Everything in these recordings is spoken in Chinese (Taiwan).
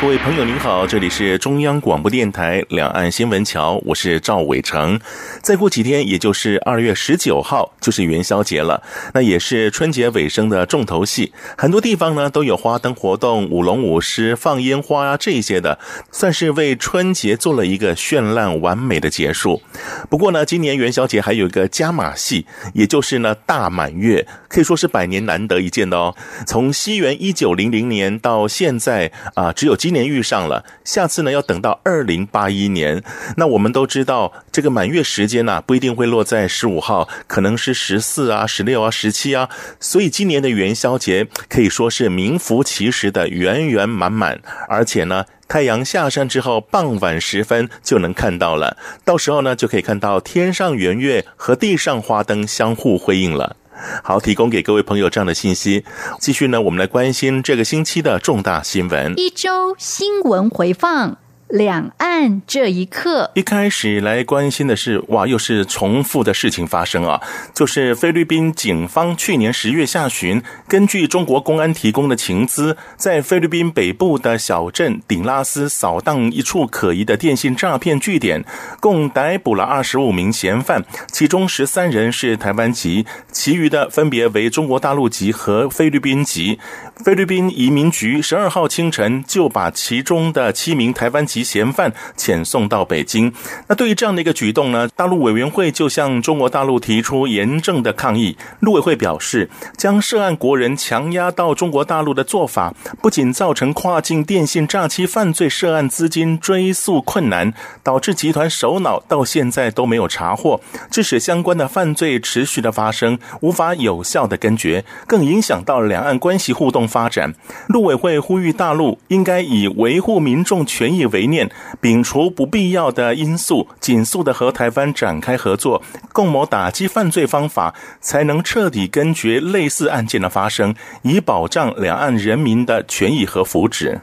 各位朋友您好，這裡是中央廣播電臺兩岸新聞橋，我是趙偉成。再過幾天，也就是二月十九號，就是元宵節了，那也是春節尾聲的重頭戲。很多地方呢都有花燈活動、舞龍舞獅、放煙花啊這些的，算是為春節做了一個絢爛完美的結束。不過呢，今年元宵節還有一個加碼戲，也就是呢大滿月，可以說是百年難得一見的哦。從西元一九零零年到現在啊，只有今。今年遇上了，下次呢要等到二零八一年。那我們都知道，這個滿月時間呢，啊，不一定會落在十五號，可能是十四啊、十六啊、十七啊。所以今年的元宵節可以說是名副其實的圓圓滿滿。而且呢，太陽下山之後，傍晚時分就能看到了。到時候呢，就可以看到天上圓月和地上花燈相互輝映了。好，提供給各位朋友這樣的信息。繼續呢，我們來關心這個星期的重大新聞。一周新聞回放。兩岸這一刻，一開始來關心的是，哇，又是重複的事情發生啊！就是菲律賓警方去年十月下旬，根據中國公安提供的情資，在菲律賓北部的小鎮頂拉斯掃蕩一處可疑的電信詐騙據點，共逮捕了二十五名嫌犯，其中十三人是台灣籍，其餘的分別為中國大陸籍和菲律賓籍。菲律賓移民局十二號清晨就把其中的七名台灣籍。嫌犯遣送到北京。那對於這樣的一個舉動呢，大陸委員會就向中國大陸提出嚴正的抗議。陸委會表示，將涉案國人強壓到中國大陸的做法，不僅造成跨境電信詐欺犯罪涉案資金追溯困難，導致集團首腦到現在都沒有查獲，致使相關的犯罪持續的發生，無法有效的根絕，更影響到兩岸關係互動發展。陸委會呼籲大陸應該以維護民眾權益為。念，摒除不必要的因素，儘速的和台灣展開合作，共謀打擊犯罪方法，才能徹底根絕類似案件的發生，以保障兩岸人民的權益和福祉。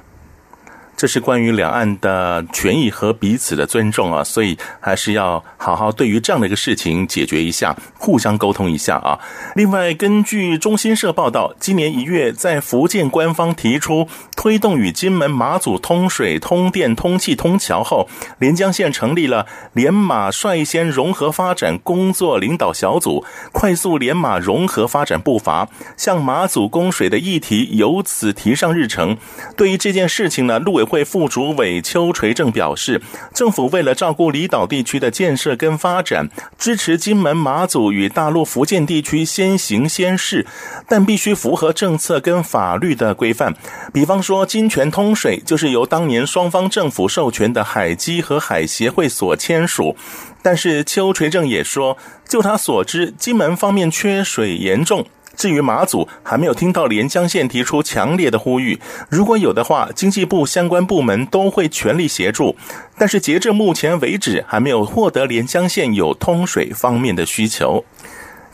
這是關於兩岸的權益和彼此的尊重啊，所以還是要好好對於這樣的一個事情解決一下，互相溝通一下啊。另外，根據中新社報道，今年一月，在福建官方提出推動與金門、馬祖通水、通電、通氣、通橋後，連江縣成立了連馬率先融合發展工作領導小組，快速連馬融合發展步伐，向馬祖供水的議題由此提上日程。對於這件事情呢，陸委。會副主委邱垂正表示，政府為了照顧離島地區的建設跟發展，支持金門馬祖與大陸福建地區先行先試，但必須符合政策跟法律的規範。比方說，金泉通水就是由當年雙方政府授權的海基和海協會所簽署。但是邱垂正也說，就他所知，金門方面缺水嚴重。至於馬祖，還沒有聽到連江縣提出強烈的呼籲。如果有的話，經濟部相關部門都會全力協助。但是截至目前為止，還沒有獲得連江縣有通水方面的需求。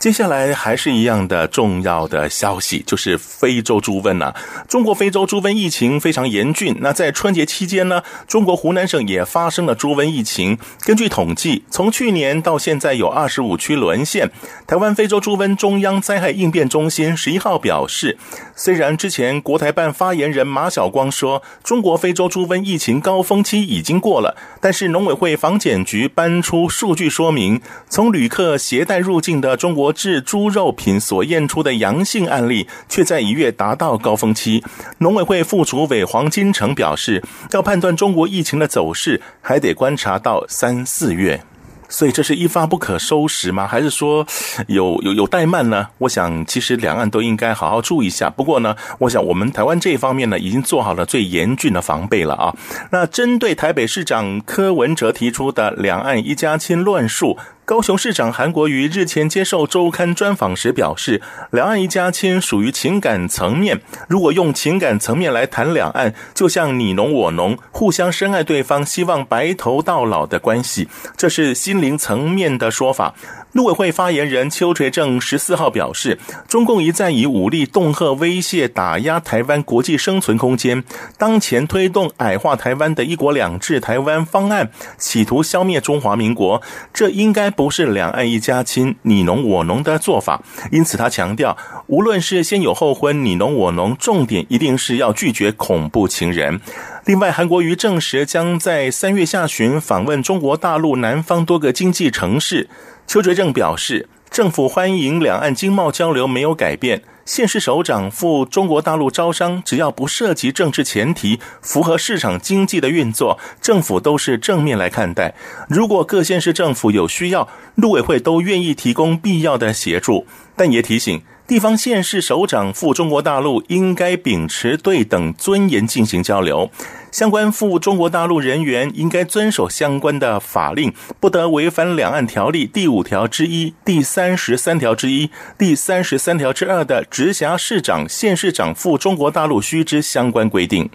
接下來還是一樣的重要的消息，就是非洲豬瘟吶啊。中國非洲豬瘟疫情非常嚴峻。那在春節期間呢，中國湖南省也發生了豬瘟疫情。根據統計，從去年到現在有二十五區淪陷。台灣非洲豬瘟中央災害應變中心十一號表示，雖然之前國台辦發言人馬曉光說中國非洲豬瘟疫情高峰期已經過了，但是農委會防檢局搬出數據說明，從旅客攜帶入境的中國。製豬肉品所驗出的陽性案例，卻在一月達到高峰期。農委會副主委黃金城表示，要判斷中國疫情的走勢，還得觀察到三四月。所以，這是一發不可收拾嗎？還是說有有有怠慢呢？我想，其實兩岸都應該好好注意一下。不過呢，我想我們台灣這一方面呢，已經做好了最嚴峻的防備了啊。那針對台北市長柯文哲提出的“兩岸一家親”論述。高雄市長韓國瑜日前接受周刊專訪時表示：“兩岸一家親屬於情感層面，如果用情感層面來談兩岸，就像你儂我儂，互相深愛對方，希望白頭到老的關係，這是心靈層面的說法。”陸委會發言人邱垂正十四號表示：“中共一再以武力恫嚇、威脅、打壓台灣國際生存空間，當前推動矮化台灣的一國兩制台灣方案，企圖消滅中華民國，這應該。”不是兩岸一家親，你儂我儂的做法。因此，他強調，無論是先有後婚，你儂我儂，重點一定是要拒絕恐怖情人。另外，韓國瑜證實將在三月下旬訪問中國大陸南方多個經濟城市。邱垂正表示，政府歡迎兩岸經貿交流沒有改變。縣市首長赴中國大陸招商，只要不涉及政治前提，符合市場經濟的運作，政府都是正面來看待。如果各縣市政府有需要，陸委會都願意提供必要的協助，但也提醒。地方縣市首長赴中國大陸，應該秉持對等尊嚴進行交流；相關赴中國大陸人員應該遵守相關的法令，不得違反《兩岸條例》第五條之一、第三十三條之一、第三十三條之二的直轄市長、縣市長赴中國大陸須知相關規定。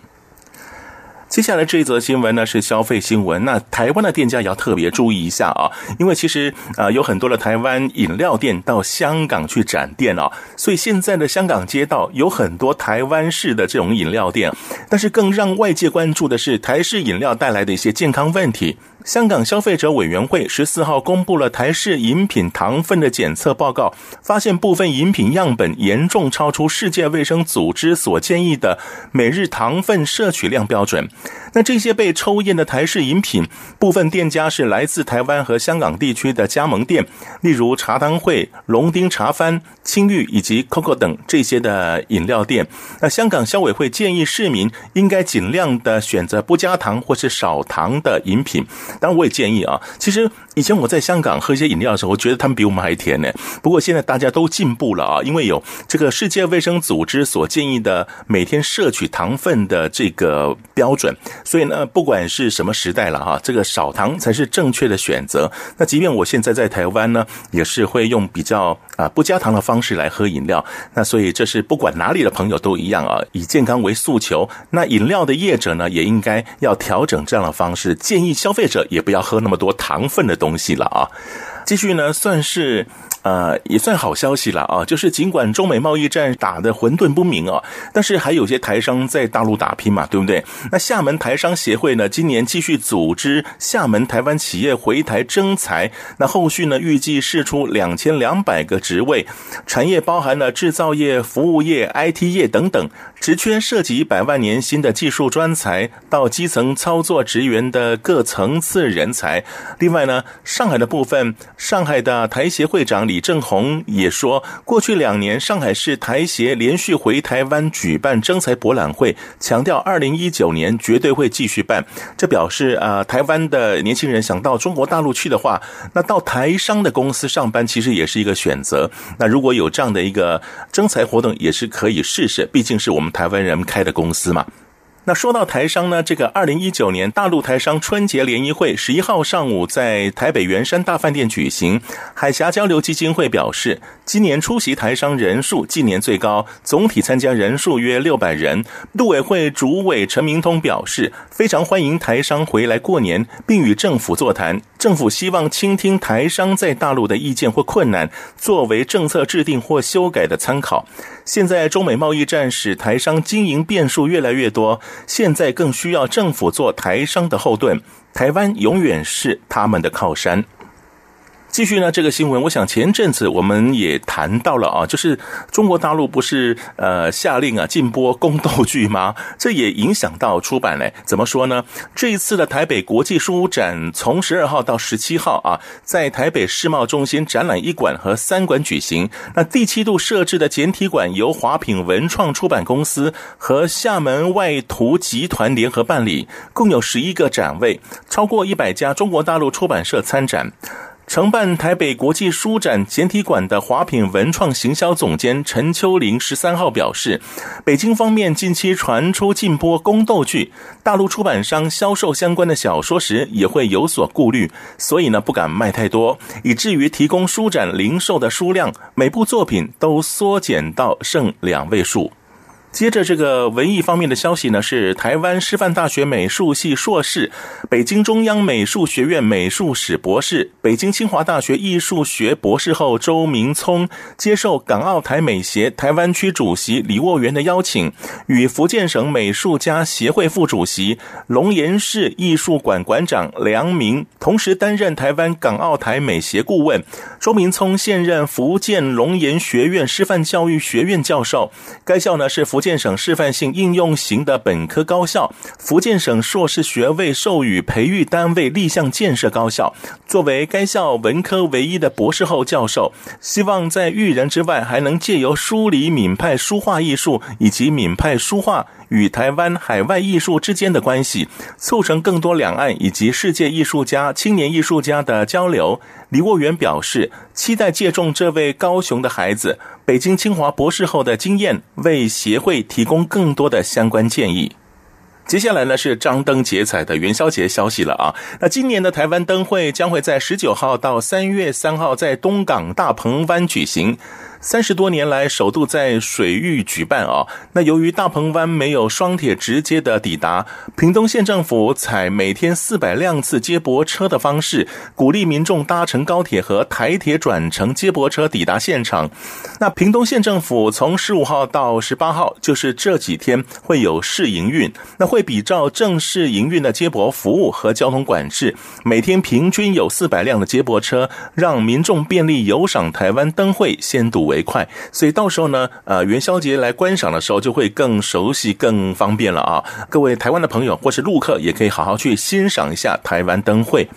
接下來這一則新聞呢是消費新聞，那台灣的店家也要特別注意一下啊，因為其實啊有很多的台灣飲料店到香港去展店啊，所以現在的香港街道有很多台灣式的這種飲料店，但是更讓外界關注的是台式飲料帶來的一些健康問題。香港消費者委員會十四號公布了台式飲品糖分的檢測報告，發現部分飲品樣本嚴重超出世界衛生組織所建議的每日糖分攝取量標準。那這些被抽驗的台式飲品，部分店家是來自台灣和香港地區的加盟店，例如茶湯會、龍丁茶番、清玉以及 Coco 等這些的飲料店。那香港消委會建議市民應該儘量的選擇不加糖或是少糖的飲品。當然，我也建議啊，其實。以前我在香港喝一些飲料的時候，我覺得他們比我們還甜呢。不過現在大家都進步了啊，因為有這個世界衛生組織所建議的每天攝取糖分的這個標準，所以呢，不管是什麼時代了哈、啊，這個少糖才是正確的選擇。那即便我現在在台灣呢，也是會用比較啊不加糖的方式來喝飲料。那所以這是不管哪裡的朋友都一樣啊，以健康為訴求。那飲料的業者呢，也應該要調整這樣的方式，建議消費者也不要喝那麼多糖分的東西。東西了啊，繼續呢，算是。呃，也算好消息了啊！就是儘管中美貿易戰打得混沌不明啊，但是還有些台商在大陸打拼嘛，對不對？那廈門台商協會呢，今年繼續組織廈門台灣企業回台徵才。那後續呢，預計釋出兩千兩百個職位，產業包含了製造業、服務業、IT 業等等，職缺涉及百萬年薪的技術專才到基層操作職員的各層次人才。另外呢，上海的部分，上海的台協會會長李。李正宏也說，過去兩年上海市台協連續回台灣舉辦徵才博覽會，強調二零一九年絕對會繼續辦。這表示，呃，台灣的年輕人想到中國大陸去的話，那到台商的公司上班其實也是一個選擇。那如果有這樣的一個徵才活動，也是可以試試，畢竟是我們台灣人開的公司嘛。那說到台商呢，這個二零一九年大陸台商春節聯誼會十一號上午在台北圓山大飯店舉行。海峽交流基金會表示，今年出席台商人數近年最高，總體參加人數約六百人。陸委會主委陳明通表示，非常歡迎台商回來過年，並與政府座談。政府希望傾聽台商在大陸的意見或困難，作為政策制定或修改的參考。現在中美貿易戰使台商經營變數越來越多。現在更需要政府做台商的後盾，台灣永遠是他們的靠山。繼續呢，這個新聞，我想前陣子我們也談到了啊，就是中國大陸不是呃下令啊禁播宮鬥劇嗎？這也影響到出版嘞。怎麼說呢？這一次的台北國際書展從十二號到十七號啊，在台北世貿中心展覽一館和三館舉行。那第七度設置的簡體館由華品文創出版公司和廈門外圖集團聯合辦理，共有十一個展位，超過一百家中國大陸出版社參展。承辦台北國際書展簡體館的華品文創行銷總監陳秋玲十三號表示，北京方面近期傳出禁播宮鬥劇，大陸出版商銷售相關的小說時也會有所顧慮，所以呢不敢賣太多，以至於提供書展零售的書量，每部作品都縮減到剩兩位數。接着這個文藝方面的消息呢，是臺灣師範大學美術系碩士、北京中央美術學院美術史博士、北京清華大學藝術學博士後周明聰，接受港澳台美協臺灣區主席李沃源的邀請，與福建省美術家協會副主席、龍岩市藝術館館長梁明同時擔任臺灣港澳台美協顧問。周明聰現任福建龍岩學院師範教育學院教授，該校呢是福建。建省示範性應用型的本科高校，福建省碩士學位授予培育單位立項建設高校。作為該校文科唯一的博士後教授，希望在育人之外，還能借由梳理閩派書畫藝術以及閩派書畫與台灣、海外藝術之間的關係，促成更多兩岸以及世界藝術家、青年藝術家的交流。李沃元表示，期待借助這位高雄的孩子、北京清華博士後的經驗，為協會提供更多的相關建議。接下來呢，是張燈結彩的元宵節消息了啊！那今年的台灣燈會將會在十九號到三月三號在東港大鵬灣舉行。三十多年來首度在水域舉辦啊！那由於大鵬灣沒有雙鐵直接的抵達，屏東縣政府採每天四百輛次接駁車的方式，鼓勵民眾搭乘高鐵和台鐵轉乘接駁車抵達現場。那屏東縣政府從十五號到十八號，就是這幾天會有試營運，那會比照正式營運的接駁服務和交通管制，每天平均有四百輛的接駁車，讓民眾便利遊賞台灣燈會先睹為快，所以到時候呢，呃，元宵節來觀賞的時候，就會更熟悉，更方便了啊！各位台灣的朋友或是陸客，也可以好好去欣賞一下台灣燈會。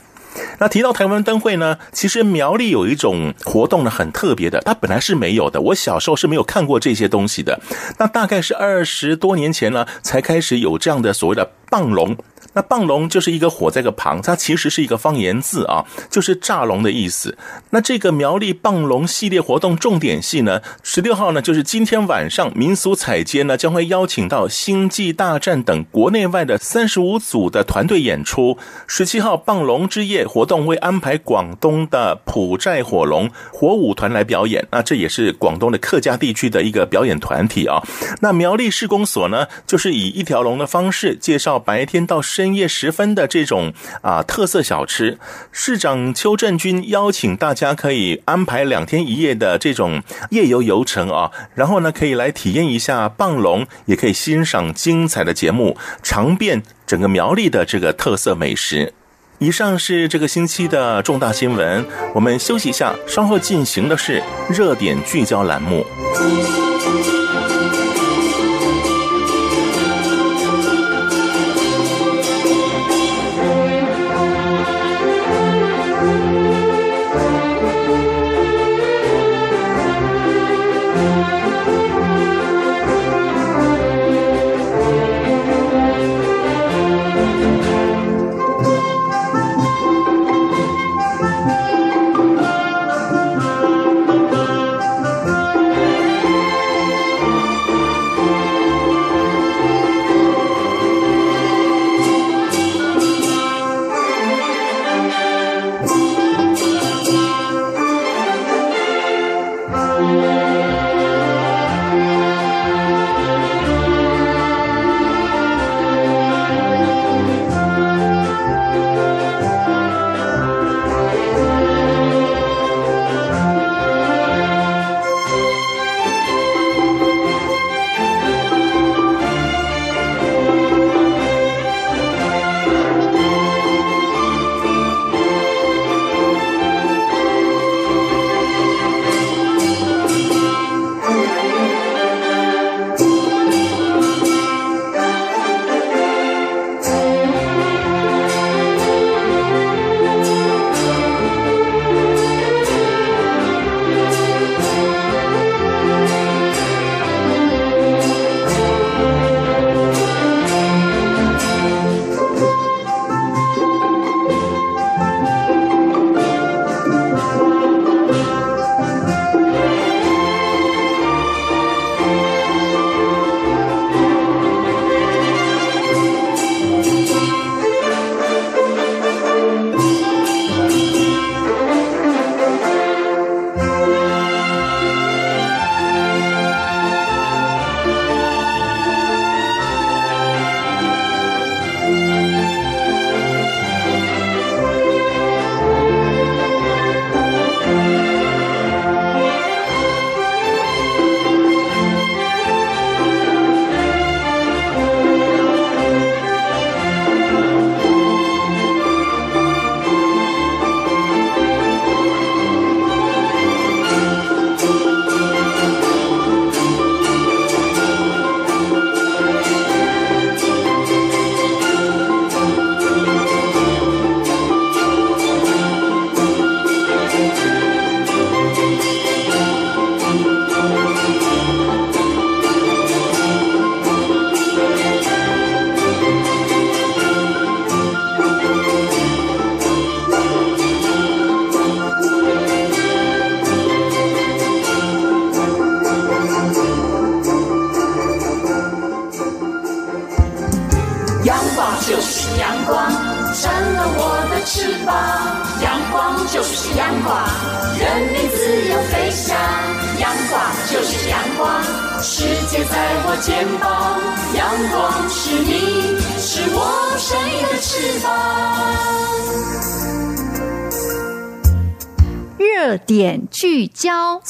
那提到台灣燈會呢，其實苗栗有一種活動呢，很特別的，它本來是沒有的，我小時候是沒有看過這些東西的。那大概是二十多年前呢，才開始有這樣的所謂的棒龍。那棒龍就是一個火在個旁，它其實是一個方言字啊，就是炸龍的意思。那這個苗栗棒龍系列活動重點戲呢，十六號呢就是今天晚上民俗踩街呢將會邀請到《星際大戰》等國內外的三十五組的團隊演出。十七號棒龍之夜活動會安排廣東的埔寨火龍火舞團來表演，那這也是廣東的客家地區的一個表演團體啊。那苗栗市公所呢，就是以一條龍的方式介紹白天到深夜。深夜時分的這種啊特色小吃，市長邱振軍邀請大家可以安排兩天一夜的這種夜遊遊程啊，然後呢可以來體驗一下棒龍，也可以欣賞精彩的節目，嘗遍整個苗栗的這個特色美食。以上是這個星期的重大新聞，我們休息一下，稍後進行的是熱點聚焦欄目。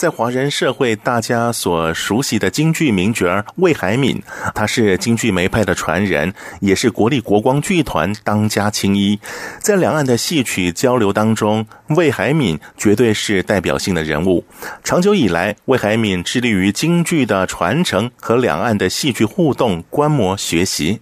在華人社會，大家所熟悉的京劇名角魏海敏，她是京劇梅派的傳人，也是國立國光劇團當家青衣。在兩岸的戲曲交流當中，魏海敏絕對是代表性的人物。長久以來，魏海敏致力於京劇的傳承和兩岸的戲劇互動觀摩學習。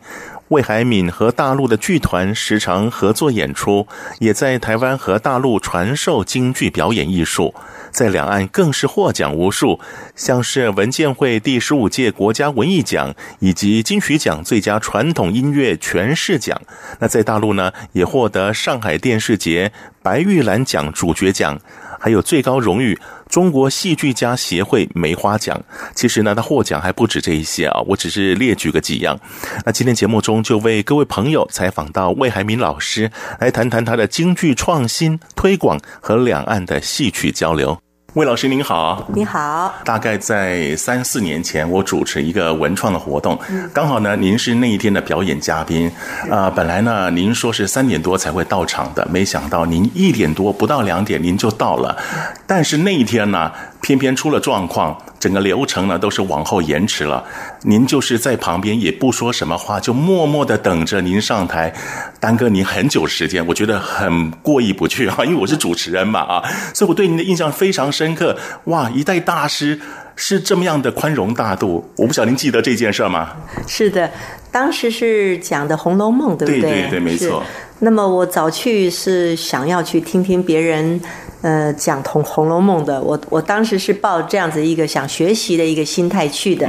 魏海敏和大陸的劇團時常合作演出，也在台灣和大陸傳授京劇表演藝術，在兩岸更是獲獎無數，像是文建會第十五屆國家文藝獎以及金曲獎最佳傳統音樂詮釋獎。那在大陸呢，也獲得上海電視節白玉蘭獎主角獎，還有最高榮譽。中國戲劇家協會梅花獎，其實呢，他獲獎還不止這一些啊，我只是列舉個幾樣。那今天節目中就為各位朋友採訪到魏海敏老師，來談談他的京劇創新推廣和兩岸的戲曲交流。魏老師您好。你好。大概在三四年前，我主持一個文創的活動，嗯、剛好呢，您是那一天的表演嘉賓。嗯、啊、呃，本來呢，您說是三點多才會到場的，沒想到您一點多不到兩點，您就到了、嗯。但是那一天呢，偏偏出了狀況。整個流程呢，都是往後延遲了，您就是在旁邊也不說什麼話，就默默地等着您上台，耽擱您很久時間，我覺得很過意不去啊，因為我是主持人嘛啊，所以我對您的印象非常深刻。哇，一代大師是這麼樣的寬容大度，我不曉得您記得這件事嗎？是的，當時是講的《紅樓夢》，對不對？對對對，沒錯。那麼我早去是想要去聽聽別人，呃，講《紅紅樓夢》的。我我當時是抱這樣子一個想學習的一個心態去的，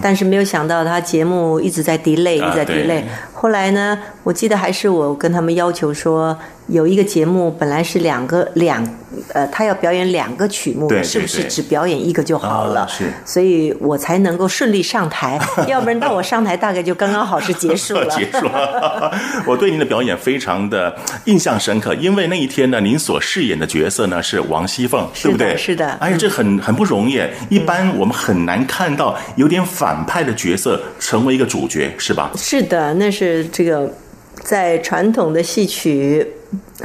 但是沒有想到他節目一直在 delay，一直在 delay。後來呢，我記得還是我跟他們要求說，有一個節目本來是兩個兩。呃，他要表演兩個曲目，是不是只表演一個就好了？所以，我才能夠順利上台。要不然，到我上台，大概就剛剛好是結束了。 結束了 我對您的表演非常的印象深刻，因為那一天呢，您所飾演的角色呢是王熙鳳，對不對？是的。而且這很很不容易，一般我們很難看到有點反派的角色成為一個主角，是吧？是的，那是這個在傳統的戲曲。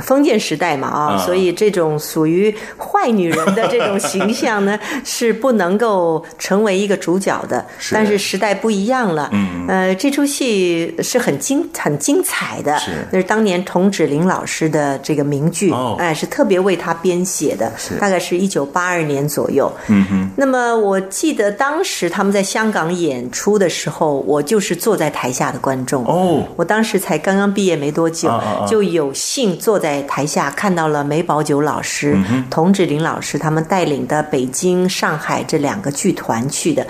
封建時代嘛啊、哦，uh, 所以這種屬於壞女人的這種形象呢， 是不能夠成為一個主角的。是。但是時代不一樣了。嗯。呃，這出戲是很精很精彩的。是。那是當年童芷苓老師的這個名劇哎、oh, 呃，是特別為她編寫的。是。大概是一九八二年左右。嗯哼。那麼我記得當時他們在香港演出的時候，我就是坐在台下的觀眾。哦、oh,。我當時才剛剛畢業沒多久，uh, 就有幸。坐在台下看到了梅葆玖老師、童、嗯、芷苓老師，他們帶領的北京、上海這兩個劇團去的，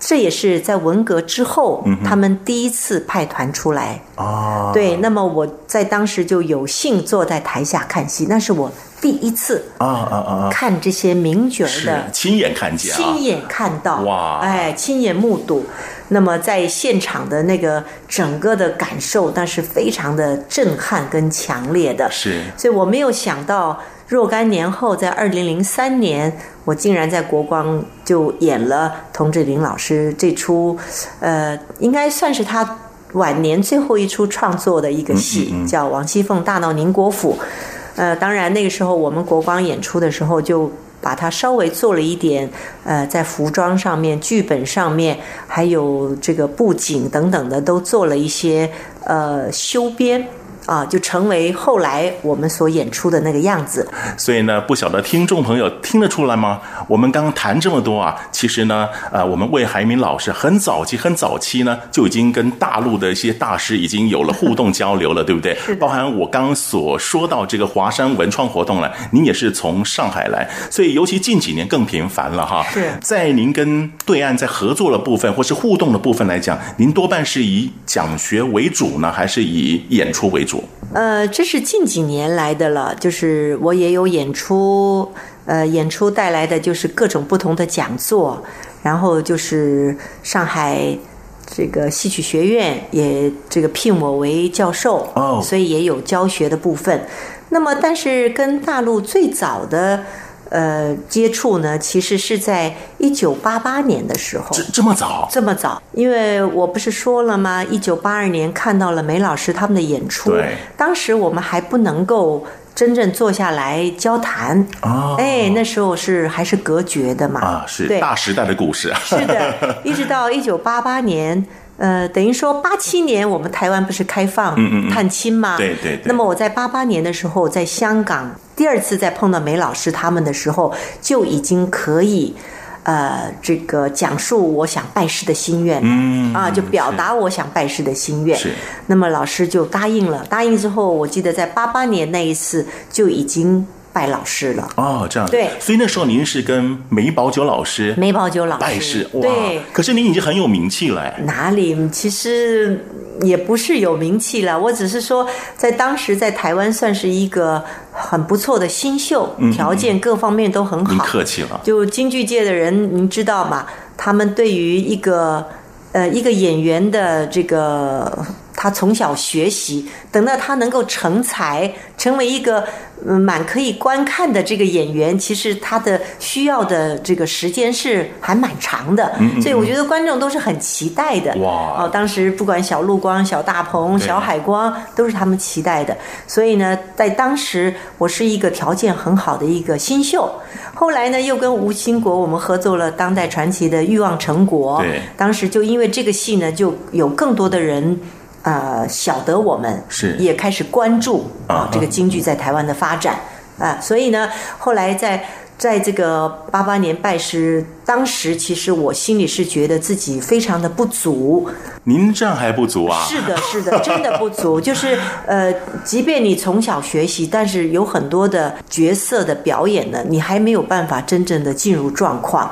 這也是在文革之後、嗯、他們第一次派團出來、啊。對，那麼我在當時就有幸坐在台下看戲，那是我。第一次啊啊啊！看這些名角兒的、啊，啊啊啊啊、親眼看見、啊，親眼看到，哇！哎，親眼目睹，那麼在現場的那個整個的感受，那是非常的震撼跟強烈的。是，所以我沒有想到，若干年後，在二零零三年，我竟然在國光就演了童芷苓老師這出，呃，應該算是他晚年最後一出創作的一個戲，叫《王熙鳳大鬧寧國府》嗯。嗯嗯呃，當然，那個時候我們國光演出的時候，就把它稍微做了一點，呃，在服裝上面、劇本上面，還有這個布景等等的，都做了一些，呃，修編。啊，就成為後來我們所演出的那個樣子。所以呢，不曉得聽眾朋友聽得出來嗎？我們剛剛談這麼多啊，其實呢，呃，我們魏海敏老師很早期、很早期呢，就已經跟大陸的一些大師已經有了互動交流了， 對不對？是。包含我剛所說到這個華山文創活動了，您也是從上海來，所以尤其近幾年更頻繁了哈。對。在您跟對岸在合作的部分，或是互動的部分來講，您多半是以講學為主呢，還是以演出為主？呃，這是近幾年來的了，就是我也有演出，呃，演出帶來的就是各種不同的講座，然後就是上海這個戲曲學院也這個聘我為教授，所以也有教學的部分。那麼，但是跟大陸最早的。呃，接觸呢，其實是在一九八八年的時候，這，這麼早，這麼早，因為我不是說了嗎？一九八二年看到了梅老師他們的演出，對，當時我們還不能夠真正坐下來交談，哦、哎，那時候是還是隔絕的嘛，啊，是大時代的故事， 是的，一直到一九八八年，呃，等於說八七年我們台灣不是開放嗯嗯嗯探親嘛，對，對對，那麼我在八八年的時候在香港。第二次在碰到梅老師他們的時候，就已經可以，呃，這個講述我想拜師的心願，嗯，啊，就表達我想拜師的心願。是，那麼老師就答應了。答應之後，我記得在八八年那一次就已經拜老師了哦。這樣子。對，所以那時候您是跟梅葆玖老，老師，梅葆玖老師拜師。對，可是您已經很有名氣了，哎，哪裡其實也不是有名氣了，我只是說在當時在台灣算是一個很不錯的新秀，條件各方面都很好。嗯，您客氣了，就京劇界的人，您知道嗎，他們對於一個呃一個演員的這個。他從小學習，等到他能夠成才，成為一個蠻可以觀看的這個演員，其實他的需要的這個時間是還蠻長的，所以我覺得觀眾都是很期待的。嗯嗯嗯哇！哦，當時不管小陸光、小大鵬、小海光，都是他們期待的。所以呢，在當時我是一個條件很好的一個新秀，後來呢又跟吳興國我們合作了《當代傳奇》的《慾望城國》。對，當時就因為這個戲呢，就有更多的人。呃、啊，曉得我們是也開始關注啊、uh -huh. 這個京劇在台灣的發展啊，所以呢，後來在在這個八八年拜師，當時其實我心裡是覺得自己非常的不足，您這樣還不足啊？是的，是的，真的不足， 就是呃，即便你從小學習，但是有很多的角色的表演呢，你還沒有辦法真正的進入狀況，嗯、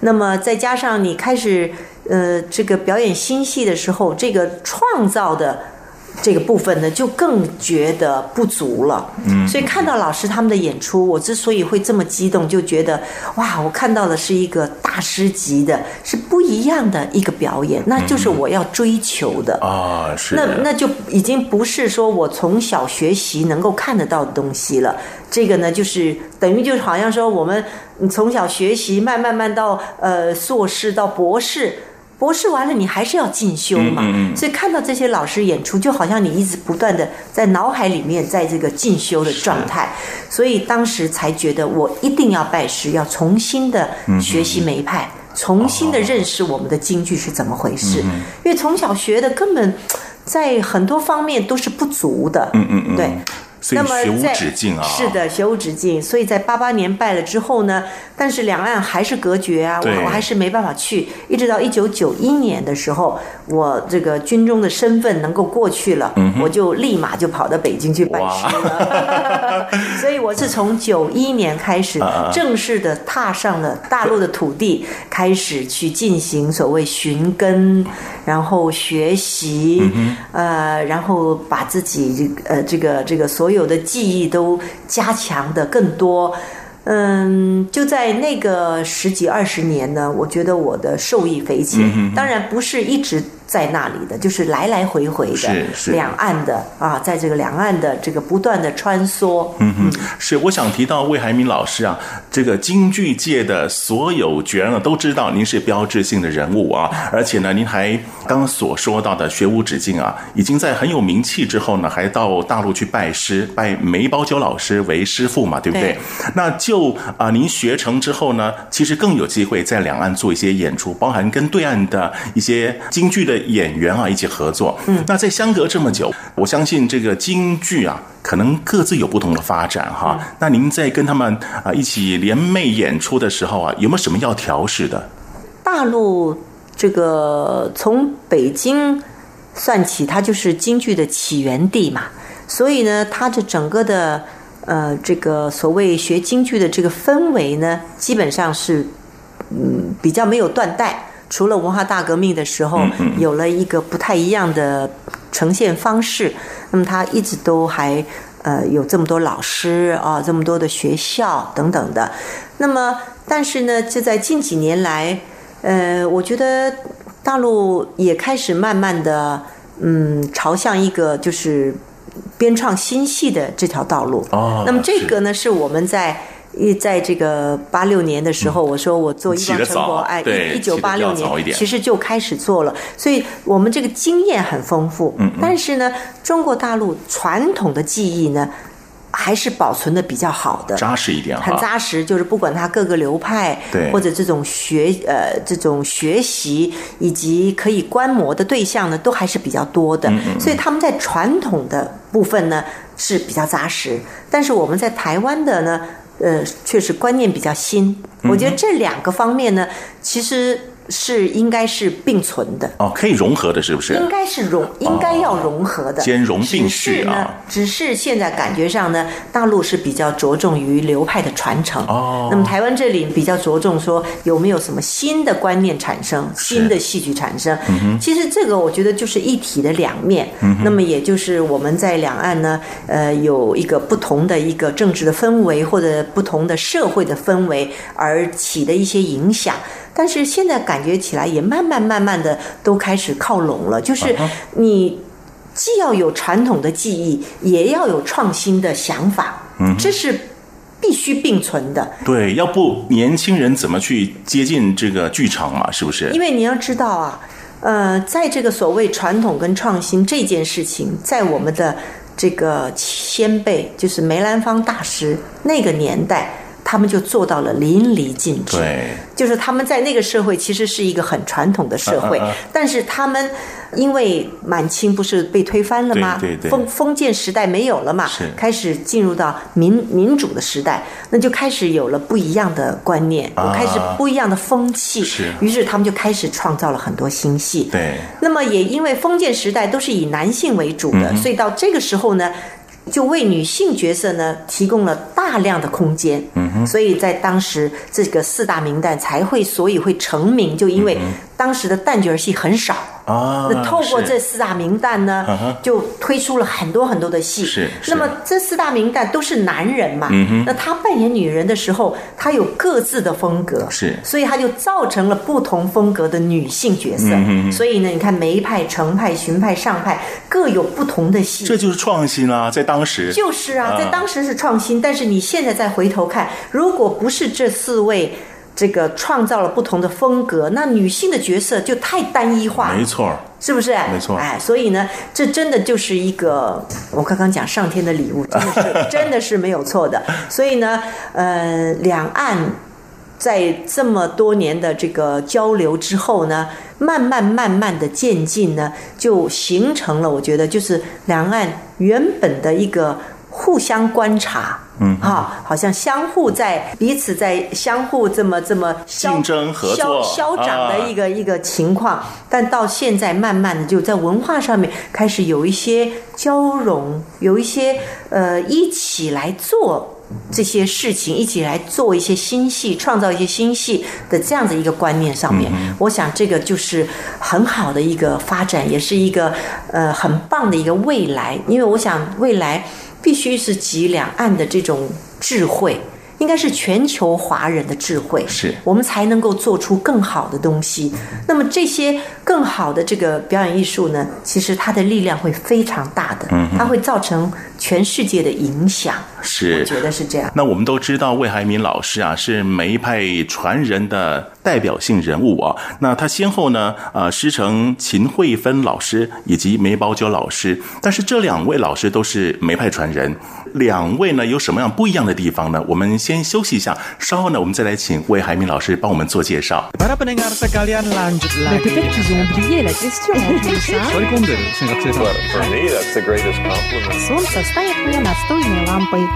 那麼再加上你開始。呃，這個表演新戲的時候，這個創造的這個部分呢，就更覺得不足了。Mm -hmm. 所以看到老師他們的演出，我之所以會這麼激動，就覺得哇，我看到的是一個大師級的，是不一樣的一個表演，mm -hmm. 那就是我要追求的啊。是、mm -hmm. oh, 那那就已經不是說我從小學習能夠看得到的東西了。這個呢，就是等於就好像說我們從小學習，慢慢慢到呃碩士到博士。博士完了，你還是要進修嘛？所以看到這些老師演出，就好像你一直不斷的在腦海裡面，在這個進修的狀態。所以當時才覺得我一定要拜師，要重新的學習梅派，重新的認識我們的京劇是怎麼回事。因為從小學的根本，在很多方面都是不足的。嗯嗯嗯。對。所以學無止境啊、那麼啊。是的，學無止境。所以在八八年拜了之後呢，但是兩岸還是隔絕啊，我還是沒辦法去。一直到一九九一年的時候，我這個軍中的身份能夠過去了，嗯、我就立馬就跑到北京去拜師了。 所以我是從九一年開始正式的踏上了大陸的土地、啊，開始去進行所謂尋根，然後學習，嗯、呃，然後把自己、呃、這個這個所有。這個所有的記憶都加強的更多，嗯，就在那個十幾二十年呢，我覺得我的受益匪淺。嗯，當然不是一直。在那裡的就是來來回回的是，是兩岸的啊，在這個兩岸的這個不斷的穿梭。嗯哼。是，我想提到魏海敏老師啊，這個京劇界的所有角兒都知道您是標誌性的人物啊，而且呢，您還剛剛所說到的學無止境啊，已經在很有名氣之後呢，還到大陸去拜師拜梅葆玖老師為師傅嘛，對不對，對？那就啊，您學成之後呢，其實更有機會在兩岸做一些演出，包含跟對岸的一些京劇的。演員啊，一起合作。嗯，那在相隔這麼久，我相信這個京劇啊，可能各自有不同的發展哈、啊嗯。那您在跟他們啊一起聯袂演出的時候啊，有沒有什麼要調試的？大陸這個從北京算起，它就是京劇的起源地嘛，所以呢，它的整個的呃，這個所謂學京劇的這個氛圍呢，基本上是嗯，比較沒有斷代。除了文化大革命的時候，有了一個不太一樣的呈現方式，那麼它一直都還呃有這麼多老師啊、哦，這麼多的學校等等的。那麼，但是呢，就在近幾年來，呃，我覺得大陸也開始慢慢的，嗯，朝向一個就是編創新戲的這條道路、哦。那麼這個呢，是我們在。一在這個八六年的時候、嗯，我說我做一項成果，哎，一九八六年其實就開始做了，所以我們這個經驗很豐富嗯嗯。但是呢，中國大陸傳統的技藝呢，還是保存的比較好的，扎實一點哈，很扎實，就是不管它各個流派，對，或者這種學呃這種學習以及可以觀摩的對象呢，都還是比較多的。嗯嗯嗯所以他們在傳統的部分呢，是比較扎實，但是我們在台灣的呢。呃，確實觀念比較新。我覺得這兩個方面呢，嗯、其實。是應該是並存的哦，可以融合的，是不是？應該是融，應該要融合的，兼、哦、容並蓄啊，只。只是現在感覺上呢，大陸是比較着重於流派的傳承哦。那麼台灣這裡比較着重說有沒有什麼新的觀念產生，新的戲劇產生。其實這個我覺得就是一體的兩面，嗯。那麼也就是我們在兩岸呢，呃，有一個不同的一個政治的氛圍或者不同的社會的氛圍而起的一些影響。但是現在感覺感覺起來也慢慢慢慢的都開始靠攏了，就是你既要有傳統的技藝，也要有創新的想法，嗯，這是必須並存的。對，要不年輕人怎麼去接近這個劇場嘛？是不是？因為你要知道啊，呃，在這個所謂傳統跟創新這件事情，在我們的這個先輩，就是梅蘭芳大師那個年代。他們就做到了淋漓盡致，就是他們在那個社會其實是一個很傳統的社會，啊、但是他們因為滿清不是被推翻了嗎？對對對，封封建時代沒有了嘛，開始進入到民民主的時代，那就開始有了不一樣的觀念，啊、開始不一樣的風氣，於是他們就開始創造了很多新戲。對，那麼也因為封建時代都是以男性為主的，嗯、所以到這個時候呢，就為女性角色呢提供了大量的空間，嗯哼，所以在當時這個四大名旦才會，所以會成名，就因為當時的旦角戲很少。啊，那透過這四大名旦呢，就推出了很多很多的戲。是，那麼這四大名旦都是男人嘛。嗯，那他扮演女人的時候，他有各自的風格。是，所以他就造成了不同風格的女性角色。所以，角色嗯、所以呢，你看梅派、程派、荀派、尚派各有不同的戲。這就是創新啊，在當時。就是啊，啊，在當時是創新，但是你現在再回頭看，如果不是這四位。這個創造了不同的風格，那女性的角色就太單一化。沒錯，是不是？沒錯，哎，所以呢，這真的就是一個我剛剛講上天的禮物，真的是， 真的是沒有錯的。所以呢，呃，兩岸在這麼多年的這個交流之後呢，慢慢慢慢的漸進呢，就形成了，我覺得就是兩岸原本的一個。互相觀察，嗯，哈、哦，好像相互在彼此在相互這麼這麼競爭和消消長的一個、啊、一個情況，但到現在慢慢的就在文化上面開始有一些交融，有一些呃一起來做這些事情，一起來做一些新戲，創造一些新戲的這樣的一個觀念上面，嗯、我想這個就是很好的一個發展，也是一個呃很棒的一個未來，因為我想未來。必須是集兩岸的這種智慧，應該是全球華人的智慧，是我們才能夠做出更好的東西。那麼這些更好的這個表演藝術呢，其實它的力量會非常大的，它會造成全世界的影響。嗯哼。是，我覺得是這樣。那我們都知道魏海敏老師啊，是梅派傳人的代表性人物啊、哦。那他先後呢，啊師承秦慧芬老師以及梅葆玖老師，但是這兩位老師都是梅派傳人，兩位呢有什麼樣不一樣的地方呢？我們先休息一下，稍後呢我們再來請魏海敏老師幫我們做介紹。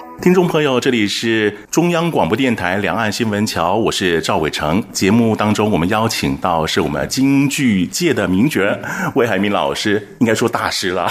聽眾朋友，這裡是中央廣播電台兩岸新聞橋，我是趙偉成。節目當中，我們邀請到是我們京劇界的名角、嗯、魏海敏老師，應該說大師了。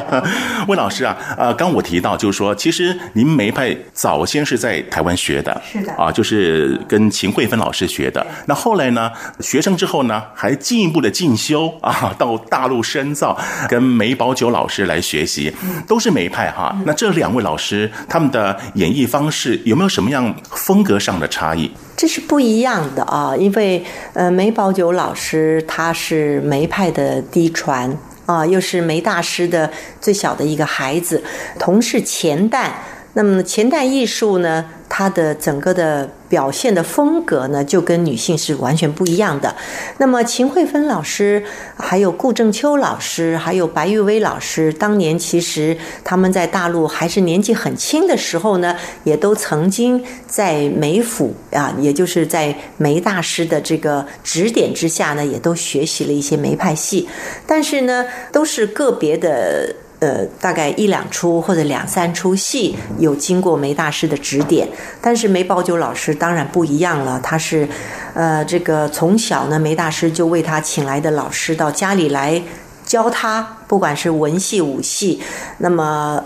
魏老師啊，啊、呃，剛我提到就是說，其實您梅派早先是在台灣學的，是的，啊，就是跟秦慧芬老師學的。那後來呢，學成之後呢，還進一步的進修啊，到大陸深造，跟梅葆玖老師來學習，嗯、都是梅派哈、啊。那這兩位老師他們的，的演繹方式有沒有什麼樣風格上的差異？這是不一樣的啊，因為呃，梅葆玖老師他是梅派的嫡傳啊，又是梅大師的最小的一個孩子，同是前代。那麼，前代藝術呢，它的整個的表現的風格呢，就跟女性是完全不一樣的。那麼，秦慧芬老師，還有顧正秋老師、還有白玉薇老師，當年其實他們在大陸還是年紀很輕的時候呢，也都曾經在梅府啊，也就是在梅大師的這個指點之下呢，也都學習了一些梅派戲。但是呢，都是個別的。呃，大概一兩出或者兩三出戲有經過梅大師的指點，但是梅葆玖老師當然不一樣了。他是，呃，這個從小呢，梅大師就為他請來的老師到家裡來教他，不管是文戲、武戲。那麼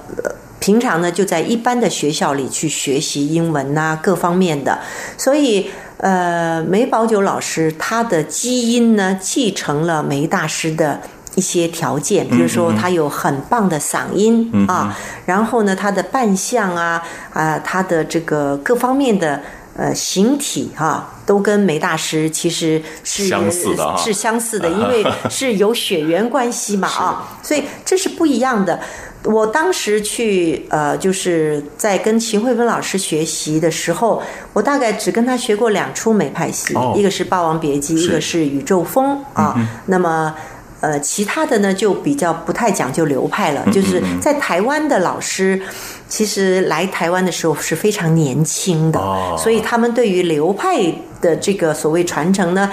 平常呢，就在一般的學校裡去學習英文吶、啊，各方面的。所以，呃，梅葆玖老師他的基因呢，繼承了梅大師的。一些條件，比如說他有很棒的嗓音，嗯嗯嗯啊，然後呢，他的扮相啊，啊、呃，他的這個各方面的呃形體哈、啊，都跟梅大師其實是相似的、啊呃、是相似的，因為是有血緣關係嘛 啊，所以這是不一樣的。我當時去呃，就是在跟秦慧芬老師學習的時候，我大概只跟他學過兩出梅派戲、哦，一個是《霸王別姬》，一個是《宇宙鋒嗯嗯》啊，那麼。呃，其他的呢，就比較不太講究流派了，就是在台灣的老師，嗯嗯其實來台灣的時候是非常年輕的，哦，所以他們對於流派的這個所謂傳承呢，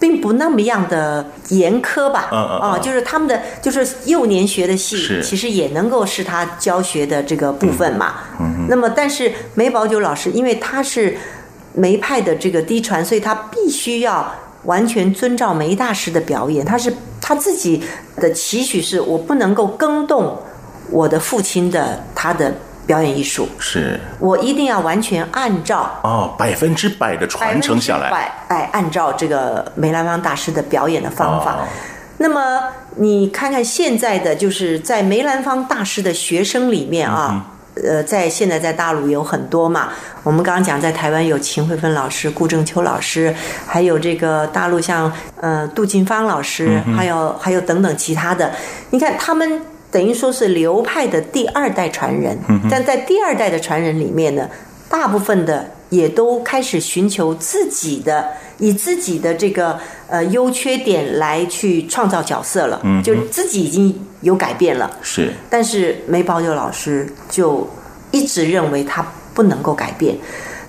並不那麼樣的嚴苛吧？嗯嗯嗯啊，就是他們的就是幼年學的戲，其實也能夠是他教學的這個部分嘛。嗯嗯嗯那麼，但是梅葆玖老師，因為他是梅派的這個嫡傳，所以他必須要。完全遵照梅大師的表演，他是他自己的期許，是我不能夠更動我的父親的他的表演藝術。是，我一定要完全按照哦，百分之百的傳承下來，哎，按照這個梅蘭芳大師的表演的方法。哦，那麼你看看現在的，就是在梅蘭芳大師的學生裡面啊。嗯呃，在現在在大陸有很多嘛，我們剛剛講在台灣有秦慧芬老師、顧正秋老師，還有這個大陸像呃杜近芳老師，還有還有等等其他的，你看他們等於說是流派的第二代傳人，但在第二代的傳人裡面呢，大部分的。也都開始尋求自己的，以自己的這個呃優缺點來去創造角色了，嗯、mm-hmm.，就是自己已經有改變了，是。但是梅葆玖老師就一直認為他不能夠改變。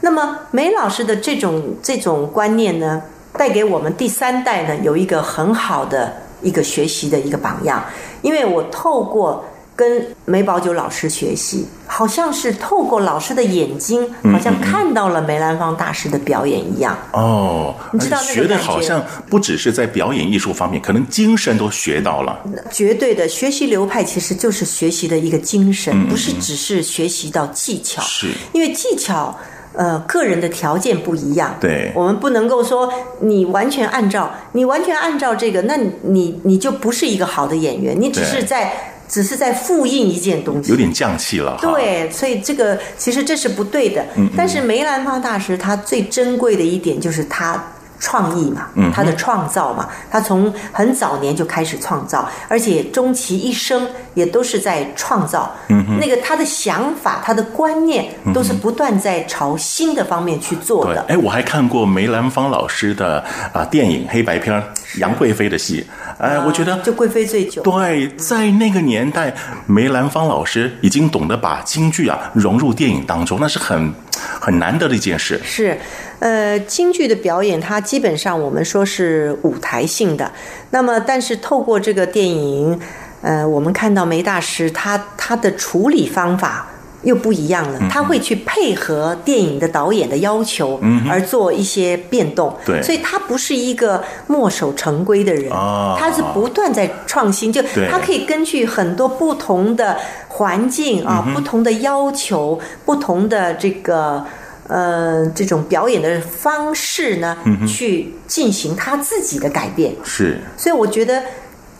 那麼梅老師的這種這種觀念呢，帶給我們第三代呢有一個很好的一個學習的一個榜樣，因為我透過。跟梅葆玖老師學習，好像是透過老師的眼睛，好像看到了梅蘭芳大師的表演一樣。哦、嗯嗯嗯，oh, 你知道那個感覺，學的好像不只是在表演藝術方面，可能精神都學到了。絕對的，學習流派其實就是學習的一個精神嗯嗯嗯，不是只是學習到技巧。是，因為技巧，呃，個人的條件不一樣。對，我們不能夠說你完全按照你完全按照這個，那你你就不是一個好的演員，你只是在。只是在複印一件東西，有點匠氣了。對，所以這個其實這是不對的。嗯嗯，但是梅蘭芳大師他最珍貴的一點就是他。創意嘛，他的創造嘛、嗯，他從很早年就開始創造，而且終其一生也都是在創造。嗯那個他的想法，他的觀念、嗯，都是不斷在朝新的方面去做的。對，哎，我還看過梅蘭芳老師的啊電影黑白片，楊貴妃的戲，哎、呃啊，我覺得就貴妃醉酒。對，在那個年代，梅蘭芳老師已經懂得把京劇啊融入電影當中，那是很。很難得的一件事是，呃，京劇的表演，它基本上我們說是舞台性的，那麼但是透過這個電影，呃，我們看到梅大師他他的處理方法。又不一樣了，他會去配合電影的導演的要求，而做一些變動、嗯。對，所以他不是一個墨守成規的人、哦，他是不斷在創新。就他可以根據很多不同的環境啊、不同的要求、嗯、不同的這個呃這種表演的方式呢、嗯，去進行他自己的改變。是，所以我覺得。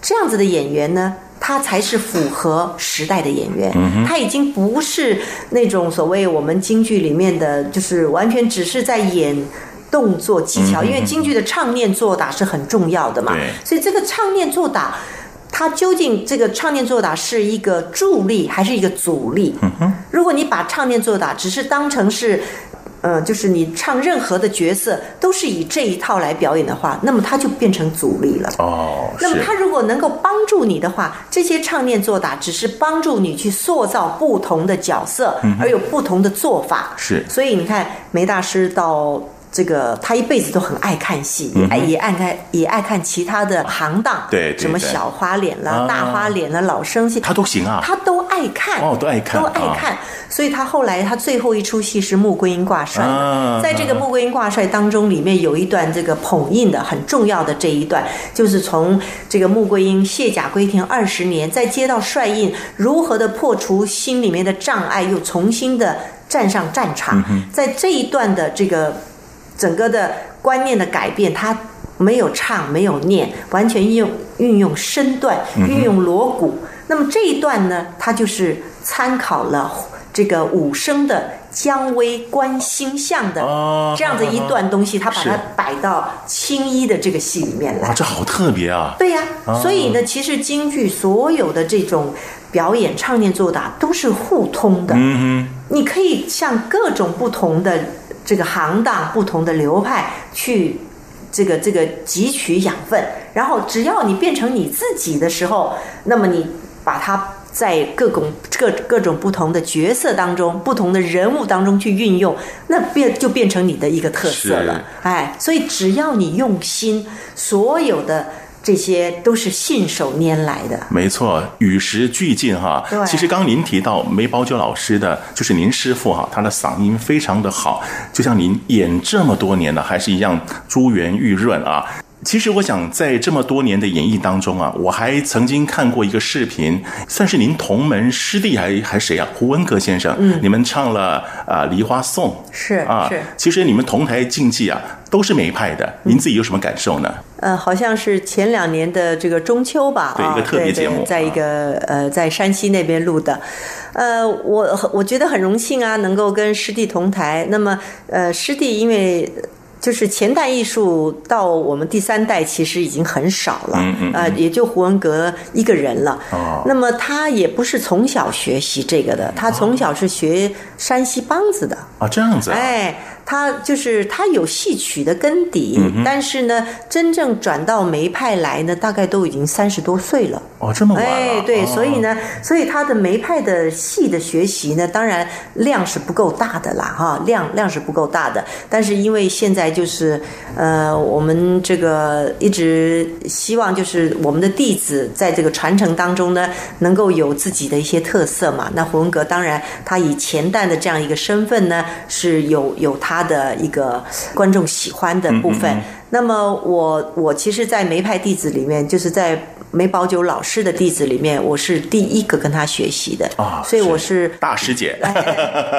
這樣子的演員呢，他才是符合時代的演員。他已經不是那種所謂我們京劇裡面的，就是完全只是在演動作技巧，因為京劇的唱念做打是很重要的嘛。所以這個唱念做打，它究竟這個唱念做打是一個助力還是一個阻力？如果你把唱念做打只是當成是。嗯，就是你唱任何的角色都是以這一套來表演的話，那麼它就變成阻力了。哦，oh，那麼它如果能夠幫助你的話，這些唱念做打只是幫助你去塑造不同的角色，mm-hmm. 而有不同的做法。是。所以你看梅大師到。這個他一輩子都很愛看戲，嗯、也愛看也愛看其他的行當，對、嗯、什麼小花臉啦、啊、大花臉啦、啊、老生戲，他都行啊，他都愛看，哦，都愛看，都愛看。啊、所以他後來他最後一出戲是《穆桂英掛帥》啊。在這個《穆桂英掛帥》當中，裡面有一段這個捧印的很重要的這一段，就是從這個穆桂英卸甲歸田二十年，在接到帥印，如何的破除心裡面的障礙，又重新的站上戰場，嗯、在這一段的這個。整個的觀念的改變，他沒有唱，沒有念，完全用運用身段，運用鑼鼓、嗯。那麼這一段呢，它，就是參考了這個武生的姜維觀星象的這樣子一段東西，啊啊、他把它擺到青衣的這個戲裡面來。哇，這好特別啊！對呀，、啊，所以呢、嗯，其實京劇所有的這種表演、唱念做打，都是互通的。嗯哼，你可以像各種不同的。這個行當不同的流派去，這個這個汲取養分，然後只要你變成你自己的時候，那麼你把它在各種各各種不同的角色當中，不同的人物當中去運用，那變就變成你的一個特色了是。哎，所以只要你用心，所有的。這些都是信手拈來的，沒錯，與時俱進哈、啊。對啊，其實剛您提到梅葆玖老師的，就是您師傅哈、啊，他的嗓音非常的好，就像您演這麼多年了，還是一樣珠圓玉潤啊。其實我想，在這麼多年的演繹當中啊，我還曾經看過一個視頻，算是您同門師弟還還誰啊？胡文閣先生，嗯，你們唱了啊、呃《梨花頌》，是啊，是。其實你們同台競技啊，都是梅派的、嗯，您自己有什麼感受呢？呃，好像是前兩年的這個中秋吧，對一個特別節目，哦、對對在一個呃在山西那邊錄的，呃，我我覺得很榮幸啊，能夠跟師弟同台。那麼呃，師弟因為。就是前代藝術到我們第三代，其實已經很少了，嗯嗯嗯、呃也就胡文閣一個人了、哦。那麼他也不是從小學習這個的，他從小是學山西梆子的、哦。啊，這樣子啊。哎他就是他有戲曲的根底、嗯，但是呢，真正轉到梅派來呢，大概都已經三十多歲了。哦，這麼晚、啊，哎，對、哦，所以呢，所以他的梅派的戲的學習呢，當然量是不夠大的啦，哈、啊，量量是不夠大的。但是因為現在就是呃，我們這個一直希望就是我們的弟子在這個傳承當中呢，能夠有自己的一些特色嘛。那胡文閣當然他以前代的這樣一個身份呢，是有有他。他的一個觀眾喜歡的部分，那麼我我其實，在梅派弟子裡面，就是在梅葆玖老師的弟子裡面，我是第一個跟他學習的。所以我是大師姐，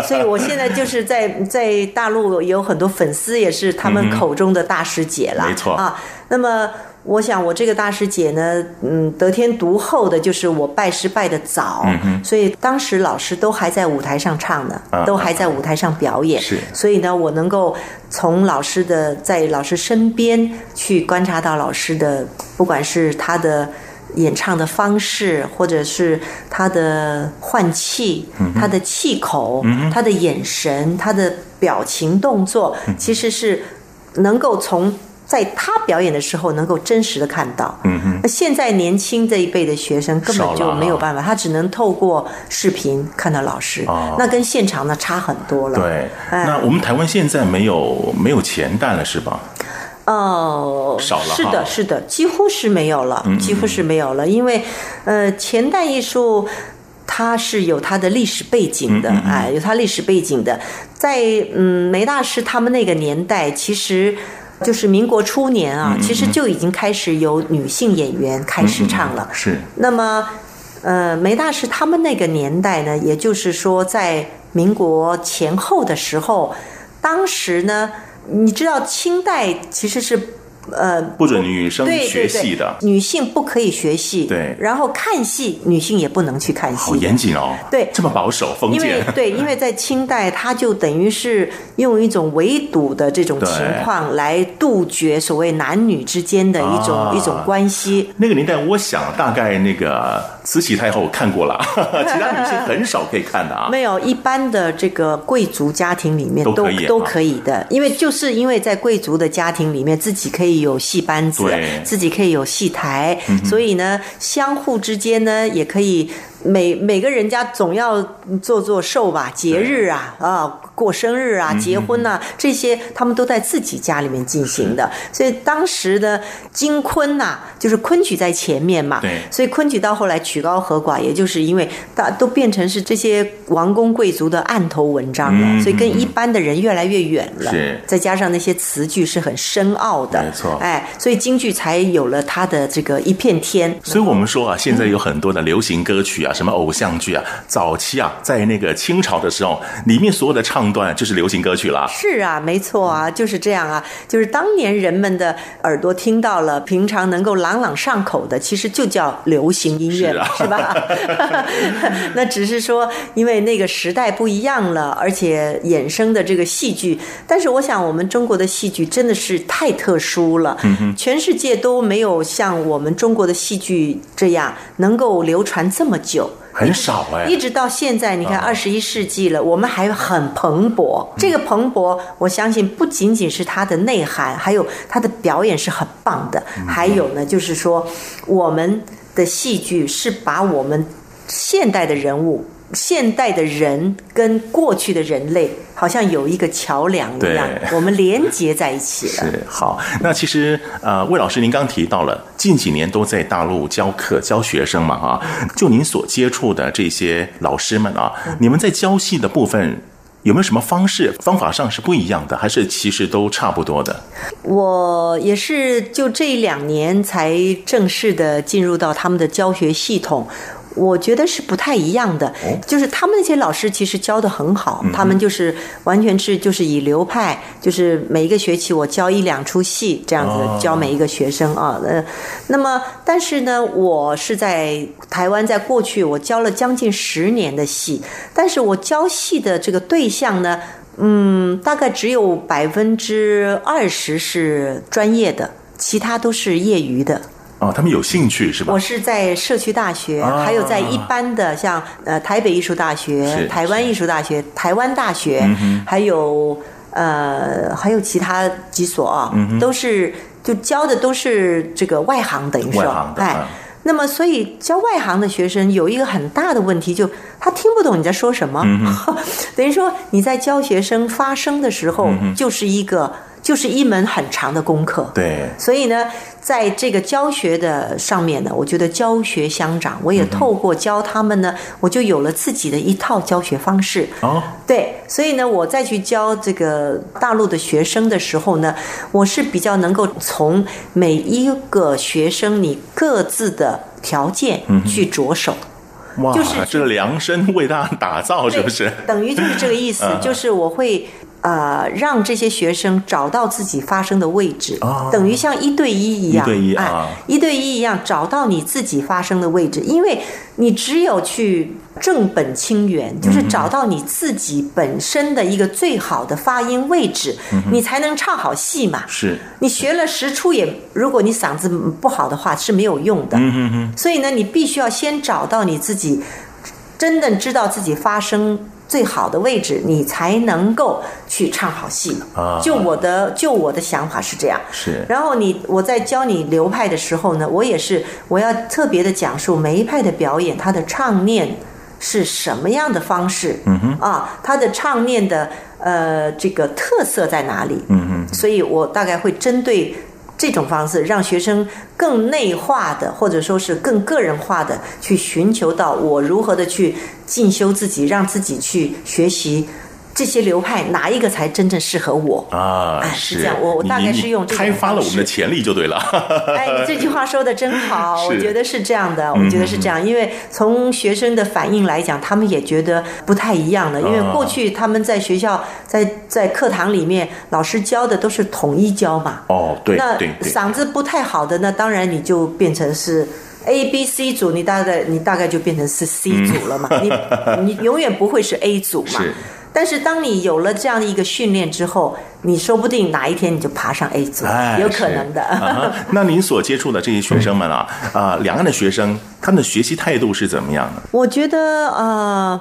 所以我現在就是在在大陸有很多粉絲，也是他們口中的大師姐了，沒錯啊。那麼。我想，我這個大師姐呢，嗯，得天獨厚的，就是我拜師拜得早，嗯，所以當時老師都還在舞台上唱呢，啊、都還在舞台上表演，所以呢，我能夠從老師的，在老師身邊去觀察到老師的，不管是他的演唱的方式，或者是他的換氣，嗯，他的氣口、嗯，他的眼神，他的表情動作，嗯，其實是能夠從。在他表演的時候，能夠真實的看到。嗯哼，那現在年輕這一輩的學生根本就沒有辦法，啊、他只能透過視頻看到老師、哦。那跟現場呢差很多了。對。哎、那我們台灣現在沒有沒有乾旦了，是吧？哦。少了。是的，是的，幾乎是沒有了，嗯嗯嗯幾乎是沒有了。因為呃，乾旦藝術它是有它的歷史背景的，嗯嗯嗯哎，有它歷史背景的。在嗯，梅大師他們那個年代，其實。就是民國初年啊，其實就已經開始有女性演員開始唱了。是、嗯嗯嗯。那麼，呃，梅大師他們那個年代呢，也就是說在民國前後的時候，當時呢，你知道清代其實是。呃，不准女生學戲的，對對對，女性不可以學戲，對。然後看戲，女性也不能去看戲，好嚴謹哦。對，這麼保守封建。因為對，因為在清代，它就等於是用一種圍堵的這種情況來杜絕所謂男女之間的一種一種，一種關係。那個年代，我想大概那個。慈禧太后看過了，其他女性很少可以看的啊。 沒有，一般的這個貴族家庭裡面都,都可以、啊、都可以的，因為就是因為在貴族的家庭裡面，自己可以有戲班子，自己可以有戲台、嗯，所以呢，相互之間呢也可以。每每個人家總要做做壽吧，節日啊，啊，過生日啊，嗯、結婚吶、啊，這些他們都在自己家裡面進行的。所以當時的京昆吶、啊，就是崑曲在前面嘛。對。所以崑曲到後來曲高和寡，也就是因為大都變成是這些王公貴族的案頭文章了、嗯，所以跟一般的人越來越遠了。是。再加上那些詞句是很深奧的。沒錯。哎，所以京劇才有了它的這個一片天。所以我們說啊，嗯、現在有很多的流行歌曲啊。什麼偶像劇啊？早期啊，在那個清朝的時候，裡面所有的唱段就是流行歌曲了。是啊，沒錯啊，就是這樣啊。就是當年人們的耳朵聽到了，平常能夠朗朗上口的，其實就叫流行音樂，是啊、是吧？ 那只是說，因為那個時代不一樣了，而且衍生的這個戲劇。但是，我想我們中國的戲劇真的是太特殊了，嗯、全世界都沒有像我們中國的戲劇這樣能夠流傳這麼久。很少哎，一直到現在，你看二十一世紀了，我們還很蓬勃。這個蓬勃，我相信不僅僅是它的內涵，還有它的表演是很棒的。還有呢，就是說，我們的戲劇是把我們。現代的人物，現代的人跟過去的人類好像有一個橋梁一樣，我們連接在一起了。是，好，那其實呃，魏老師您剛剛提到了，近幾年都在大陸教課教學生嘛啊，哈，就您所接觸的這些老師們啊，嗯，你們在教戲的部分有沒有什麼方式方法上是不一樣的，還是其實都差不多的？我也是，就這兩年才正式的進入到他們的教學系統。我覺得是不太一樣的，就是他們那些老師其實教的很好，他們就是完全是就是以流派，就是每一個學期我教一兩出戲這樣子教每一個學生啊，呃，那麼但是呢，我是在台灣，在過去我教了將近十年的戲，但是我教戲的這個對象呢，嗯，大概只有百分之二十是專業的，其他都是業餘的。哦，他們有興趣是吧？我是在社區大學，啊、還有在一般的像，像呃台北藝術大學、台灣藝術大學、台灣大學，嗯、還有呃還有其他幾所啊、嗯，都是就教的都是這個外行等於說，哎、嗯，那麼所以教外行的學生有一個很大的問題就，就他聽不懂你在說什麼，嗯、 等於說你在教學生發聲的時候就是一個、嗯。就是一門很長的功課，對。所以呢，在這個教學的上面呢，我覺得教學相長。我也透過教他們呢，嗯、我就有了自己的一套教學方式。哦，對。所以呢，我再去教這個大陸的學生的時候呢，我是比較能夠從每一個學生你各自的條件去着手。嗯、哇，就是這量身為他打造，是不是？等於就是這個意思， 嗯、就是我會。呃，讓這些學生找到自己發聲的位置，哦、等於像一對一一樣，一對一啊、哎哦，一對一一樣找到你自己發聲的位置，因為你只有去正本清源，嗯、就是找到你自己本身的一個最好的發音位置，嗯、你才能唱好戲嘛。是你學了十出也，如果你嗓子不好的話是沒有用的。嗯、哼哼，所以呢，你必須要先找到你自己，真的知道自己發聲。最好的位置，你才能夠去唱好戲。啊、uh，就我的就我的想法是這樣。是。然後你我在教你流派的時候呢，我也是我要特別的講述梅派的表演，它的唱念是什麼樣的方式。嗯哼。啊，它的唱念的呃這個特色在哪裡？嗯哼。所以我大概會針對。這種方式讓學生更內化的或者說是更個人化的去尋求到我如何的去進修自己，讓自己去學習。這些流派哪一個才真正適合我啊？是這樣，我我大概是用這開發了我們的潛力就對了。 哎，你這句話說的真好，我覺得是這樣的，我覺得是這樣、嗯，因為從學生的反應來講，他們也覺得不太一樣的，因為過去他們在學校在、啊、在課堂裡面，老師教的都是統一教嘛。哦，對，那對對嗓子不太好的，那當然你就變成是 A、B、C 組，你大概你大概就變成是 C 組了嘛。嗯、你你永遠不會是 A 組嘛。但是，當你有了這樣的一個訓練之後，你說不定哪一天你就爬上 A 組，有可能的、啊。那您所接觸的這些學生們啊，啊，兩岸的學生，他們的學習態度是怎麼樣呢？我覺得，呃，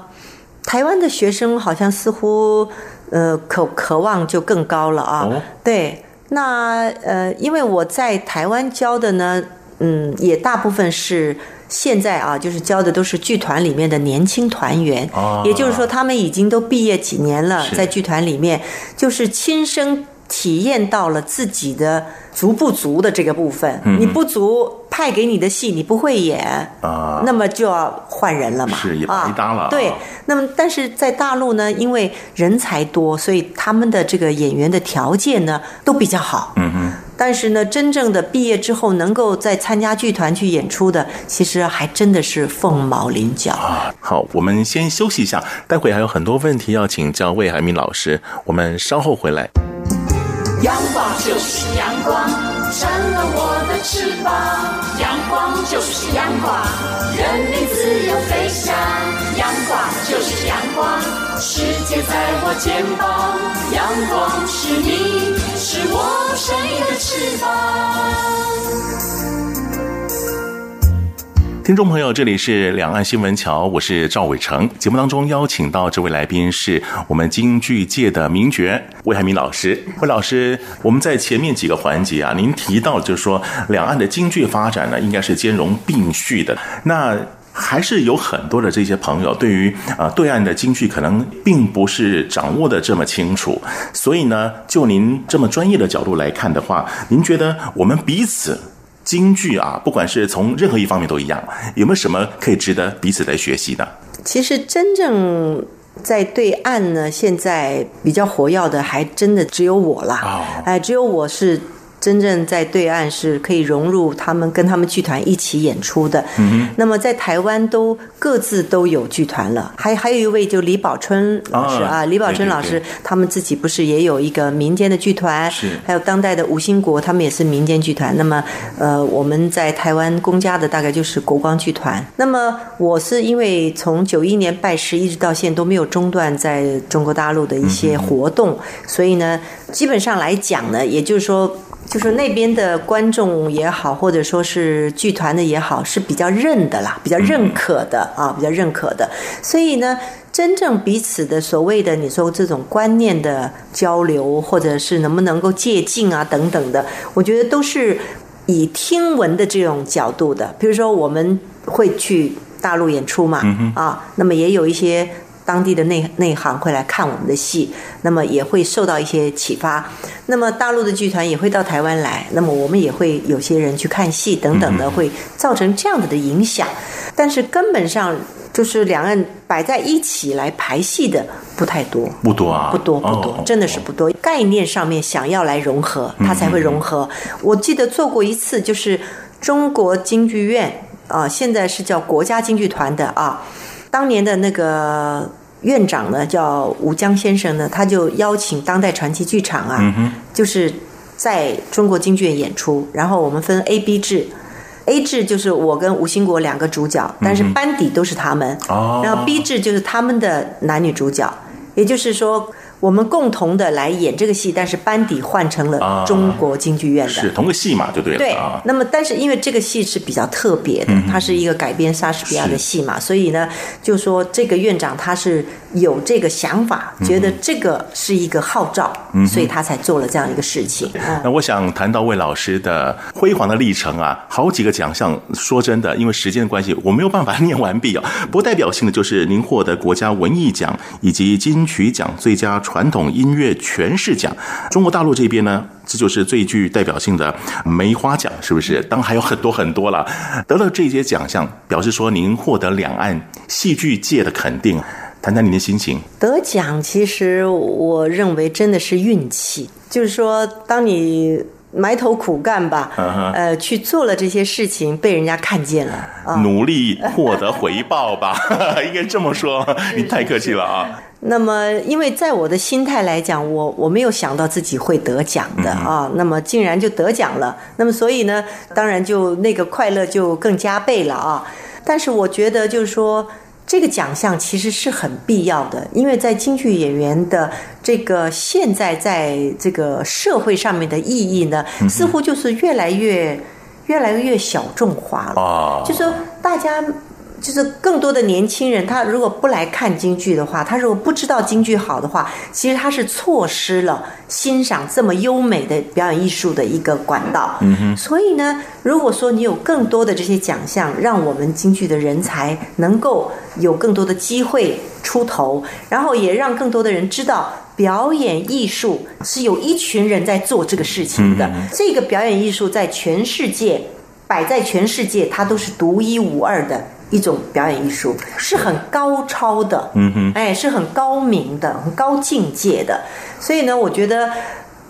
台灣的學生好像似乎，呃，渴渴望就更高了啊。哦、對，那呃，因為我在台灣教的呢，嗯，也大部分是。現在啊，就是教的都是劇團裡面的年輕團員，也就是說，他們已經都畢業幾年了，在劇團裡面，就是親身體驗到了自己的足不足的這個部分。你不足，派給你的戲你不會演，那麼就要換人了嘛，是也白搭了。對，那麼但是在大陸呢，因為人才多，所以他們的這個演員的條件呢，都比較好。嗯但是呢，真正的畢業之後，能夠再參加劇團去演出的，其實還真的是鳳毛麟角。啊，好，我們先休息一下，待會還有很多問題要請教魏海敏老師，我們稍後回來。陽光就是陽光，成了我的翅膀。陽光就是陽光，人民自由飛翔。陽光就是陽光，世界在我肩膀。陽光是你。我聽眾朋友，這裡是兩岸新聞橋，我是趙偉成。節目當中邀請到這位來賓是我們京劇界的名角魏海敏老師。魏老師，我們在前面幾個環節啊，您提到就是說，兩岸的京劇發展呢，應該是兼容並蓄的。那。還是有很多的這些朋友對於啊、呃、對岸的京劇可能並不是掌握的這麼清楚，所以呢，就您這麼專業的角度來看的話，您覺得我們彼此京劇啊，不管是從任何一方面都一樣，有沒有什麼可以值得彼此來學習的？其實真正在對岸呢，現在比較活躍的還真的只有我了啊！哎、oh. 呃，只有我是。真正在對岸是可以融入他們跟他們劇團一起演出的。那麼在台灣都各自都有劇團了，還還有一位就李寶春老師啊，李寶春老師他們自己不是也有一個民間的劇團？還有當代的吳興國他們也是民間劇團。那麼，呃，我們在台灣公家的大概就是國光劇團。那麼我是因為從九一年拜師一直到現在都沒有中斷在中國大陸的一些活動，所以呢，基本上來講呢，也就是說。就是那邊的觀眾也好，或者說是劇團的也好，是比較認的啦，比較認可的啊，比較認可的。所以呢，真正彼此的所謂的你說這種觀念的交流，或者是能不能夠借鏡啊等等的，我覺得都是以聽聞的這種角度的。比如說我們會去大陸演出嘛，啊，那麼也有一些。當地的內內行會來看我們的戲，那麼也會受到一些啟發。那麼大陸的劇團也會到台灣來，那麼我們也會有些人去看戲等等的，會造成這樣子的影響。但是根本上就是兩岸擺在一起來排戲的不太多，不多啊，不多不多，真的是不多。概念上面想要來融合，它才會融合。我記得做過一次，就是中國京劇院啊，現在是叫國家京劇團的啊，當年的那個。院長呢叫吳江先生呢，他就邀請當代傳奇劇場啊，嗯、就是在中國京劇院演出，然後我們分 A B 制，A 制就是我跟吳興國兩個主角，但是班底都是他們、嗯，然後 B 制就是他們的男女主角，也就是說，我們共同的來演這個戲，但是班底換成了中國京劇院的。啊、是同個戲碼，就對了。對、啊，那麼但是因為這個戲是比較特別的，嗯、它是一個改編莎士比亞的戲碼，所以呢，就說這個院長他是。有這個想法，覺得這個是一個號召，嗯，所以他才做了這樣一個事情。那我想談到魏老師的輝煌的歷程啊，好幾個獎項。說真的，因為時間的關係，我沒有辦法念完畢啊。不代表性的就是您獲得國家文藝獎以及金曲獎最佳傳統音樂詮釋獎。中國大陸這邊呢，這就是最具代表性的梅花獎，是不是？當然還有很多很多了。得了這些獎項，表示說您獲得兩岸戲劇界的肯定。談談你的心情。得獎，其實我認為真的是運氣，就是說，當你埋頭苦幹吧，Uh-huh. 呃，去做了這些事情，被人家看見了，Uh-huh. 啊，努力獲得回報吧， 應該這麼說。 你太客氣了啊。是是是，那麼，因為在我的心態來講，我我沒有想到自己會得獎的，Uh-huh. 啊。那麼竟然就得獎了，那麼所以呢，當然就那個快樂就更加倍了啊。但是我覺得就是說。這個獎項其實是很必要的，因為在京劇演員的這個現在在這個社會上面的意義呢，似乎就是越來越越來越小眾化了，就說大家。就是更多的年輕人，他如果不來看京劇的話，他如果不知道京劇好的話，其實他是錯失了欣賞這麼優美的表演藝術的一個管道。嗯哼。所以呢，如果說你有更多的這些獎項，讓我們京劇的人才能夠有更多的機會出頭，然後也讓更多的人知道表演藝術是有一群人在做這個事情的。Mm-hmm. 這個表演藝術在全世界，擺在全世界，它都是獨一無二的。一種表演藝術是很高超的，嗯哼，哎，是很高明的、很高境界的。所以呢，我覺得，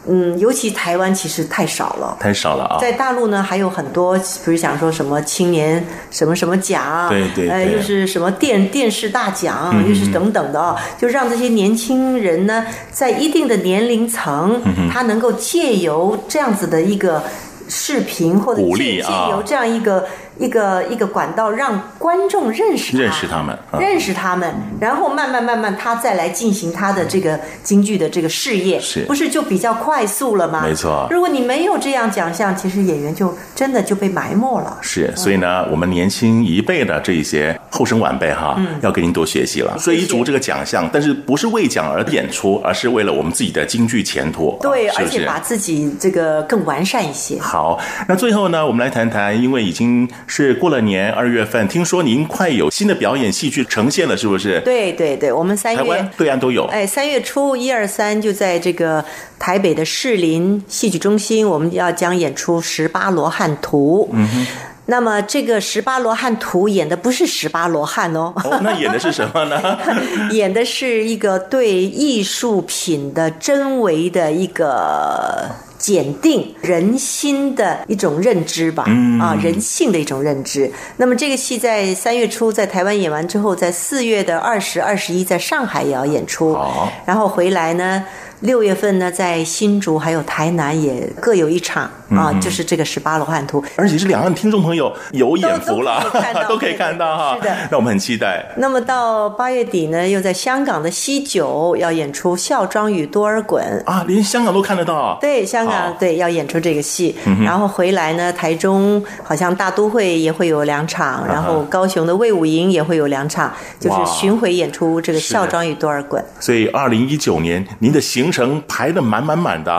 嗯，尤其台灣其實太少了，太少了啊。在大陸呢，還有很多，比如想說什麼青年什麼什麼獎，對對，對，呃、哎，又、就是什麼電電視大獎，又、嗯就是等等的、嗯、就讓這些年輕人呢，在一定的年齡層，嗯哼，他能夠借由這樣子的一個視頻、啊、或者借借由這樣一個。一個一個管道讓觀眾認識認識他們，嗯，認識他們，然後慢慢慢慢他再來進行他的這個京劇的這個事業，是不是就比較快速了嗎？沒錯。如果你沒有這樣獎項，其實演員就真的就被埋沒了。是，嗯，所以呢，我們年輕一輩的這些後生晚輩哈，嗯，要跟您多學習了。追逐這個獎項，但是不是為獎而演出，嗯，而是為了我們自己的京劇前途。對，哦是是，而且把自己這個更完善一些。好，那最後呢，我們來談談，因為已經。是過了年二月份，聽說您快有新的表演戲劇呈現了，是不是？對對對，我們三月台灣對岸都有。哎，三月初一二三就在這個台北的士林戲劇中心，我們要將演出《十八羅漢圖》嗯。嗯，那麼這個《十八羅漢圖》演的不是十八羅漢哦。 哦，那演的是什麼呢？ 演的是一個對藝術品的真僞的一個。檢定人心的一種認知吧，啊，人性的一種認知。那麼這個戲在三月初在台灣演完之後，在四月的二十、二十一在上海也要演出，然後回來呢。六月份呢，在新竹還有台南也各有一場，嗯、啊，就是這個十八羅漢圖，而且是兩岸聽眾朋友有眼福了，都、都可以看到哈， 是的，讓我們很期待。那麼到八月底呢，又在香港的西九要演出《孝莊與多爾衮》啊，連香港都看得到，啊。對，香港，啊，對要演出這個戲，然後回來呢，台中好像大都會也會有兩場，然後高雄的魏武營也會有兩場，啊，就是巡回演出這個《孝莊與多爾衮》。所以2019，二零一九年您的行。行程排得滿滿滿的，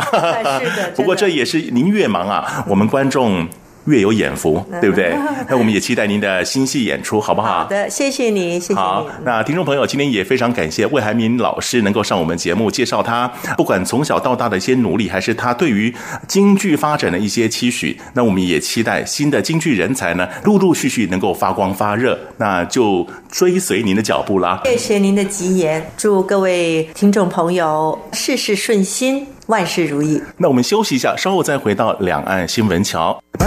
不過這也是您越忙啊，我們觀眾。越有眼福，對不對？那我們也期待您的新戲演出，好不好？好的，謝謝你。謝謝你。好，那聽眾朋友，今天也非常感謝魏海敏老師能夠上我們節目，介紹他，不管從小到大的一些努力，還是他對於京劇發展的一些期許。那我們也期待新的京劇人才呢，陸陸續續能夠發光發熱，那就追隨您的腳步啦。謝謝您的吉言，祝各位聽眾朋友事事順心。萬事如意。那我們休息一下，稍後再回到兩岸新聞橋。無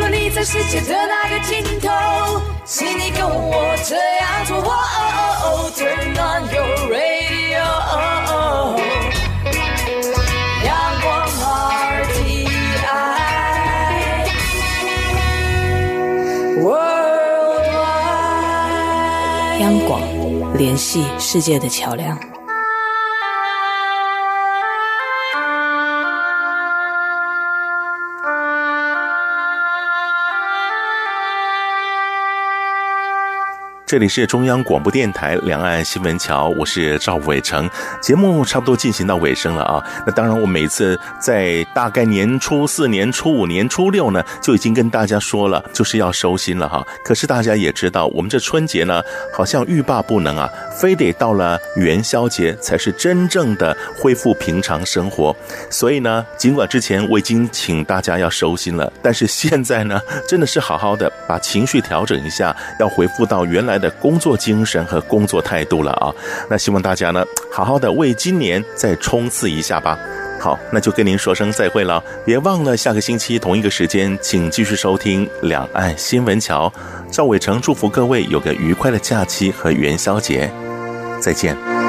論你在世界的哪個盡頭，請你跟我這樣做。哦哦哦 turn on your ray。寬廣，聯繫世界的橋梁。這裡是中央廣播電台兩岸新聞橋，我是趙偉成。節目差不多進行到尾聲了啊，那當然，我每次在大概年初四、年初五、年初六呢，就已經跟大家說了，就是要收心了哈。可是大家也知道，我們這春節呢，好像欲罷不能啊，非得到了元宵節才是真正的恢復平常生活。所以呢，儘管之前我已經請大家要收心了，但是現在呢，真的是好好的把情緒調整一下，要回復到原來。的工作精神和工作態度了啊，那希望大家呢，好好的為今年再衝刺一下吧。好，那就跟您說聲再會了，別忘了下個星期同一個時間，請繼續收聽《兩岸新聞橋》。趙偉成祝福各位有個愉快的假期和元宵節，再見。